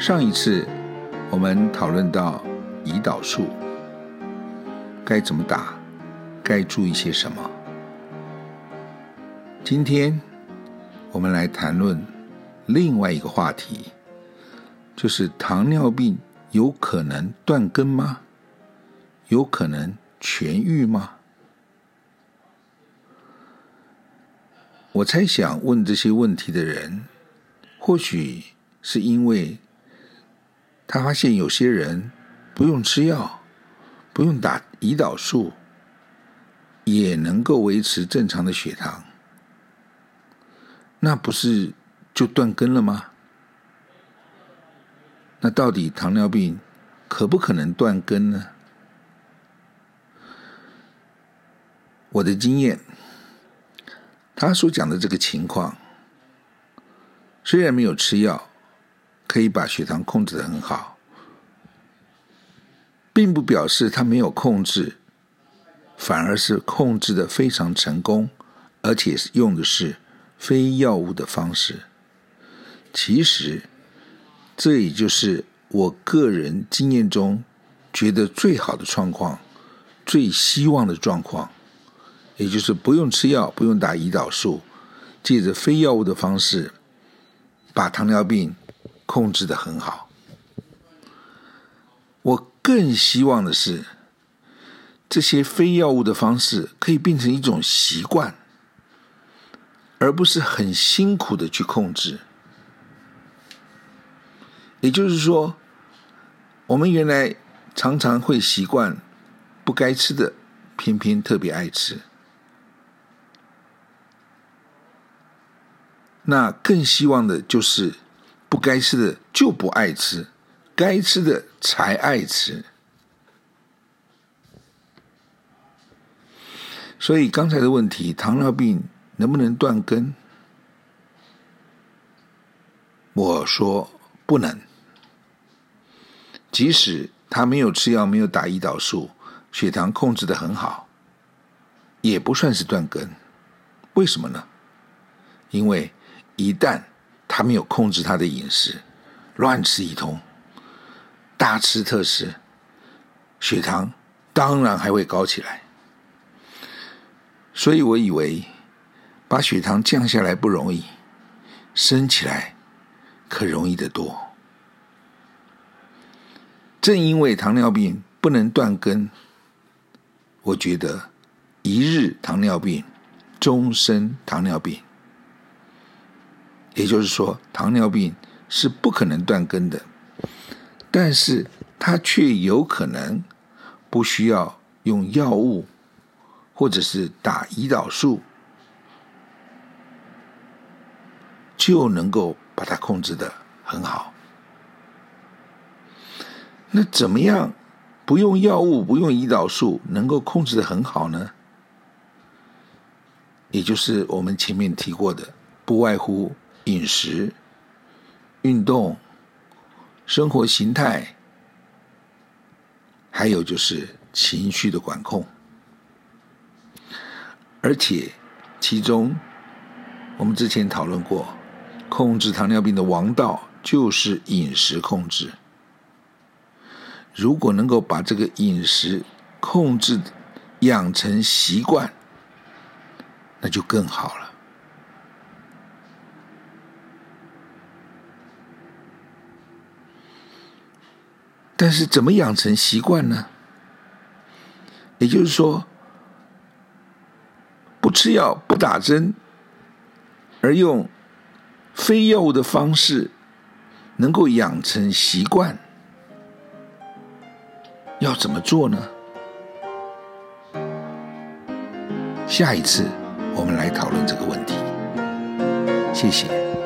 上一次我們討論到胰島素該怎麼打，該注意些什麼。今天我們來談論另外一個話題，就是糖尿病有可能斷根嗎？有可能痊癒嗎？我猜想問這些問題的人，或許是因為。他發現有些人不用吃藥，不用打胰島素，也能夠維持正常的血糖，那不是就斷根了嗎？那到底糖尿病可不可能斷根呢？我的經驗，他所講的這個情況，雖然沒有吃藥。可以把血糖控制的很好，並不表示他沒有控制，反而是控制的非常成功，而且用的是非藥物的方式。其實，這也就是我個人經驗中覺得最好的狀況，最希望的狀況，也就是不用吃藥、不用打胰島素，借着非藥物的方式把糖尿病控制得很好，我更希望的是，這些非藥物的方式可以變成一種習慣，而不是很辛苦的去控制。也就是說，我們原來常常會習慣不該吃的，偏偏特別愛吃。那更希望的就是。不該吃的就不愛吃，該吃的才愛吃。所以剛才的問題，糖尿病能不能斷根？我說不能。即使他沒有吃藥，沒有打胰島素，血糖控制得很好，也不算是斷根。為什麼呢？因為一旦他沒有控制他的飲食，亂吃一通，大吃特吃，血糖當然還會高起來。所以我以為，把血糖降下來不容易，升起來可容易得多。正因為糖尿病不能斷根，我覺得一日糖尿病，終身糖尿病。也就是說，糖尿病是不可能斷根的，但是它卻有可能不需要用藥物，或者是打胰島素，就能夠把它控制得很好。那怎麼樣不用藥物、不用胰島素，能夠控制得很好呢？也就是我們前面提過的，不外乎，飲食、運動、生活形態，還有就是情緒的管控。而且，其中我們之前討論過，控制糖尿病的王道就是飲食控制。如果能夠把這個飲食控制養成習慣，那就更好了。但是怎麼養成習慣呢？也就是說，不吃藥、不打針，而用非藥物的方式，能夠養成習慣，要怎麼做呢？下一次我們來討論這個問題。謝謝。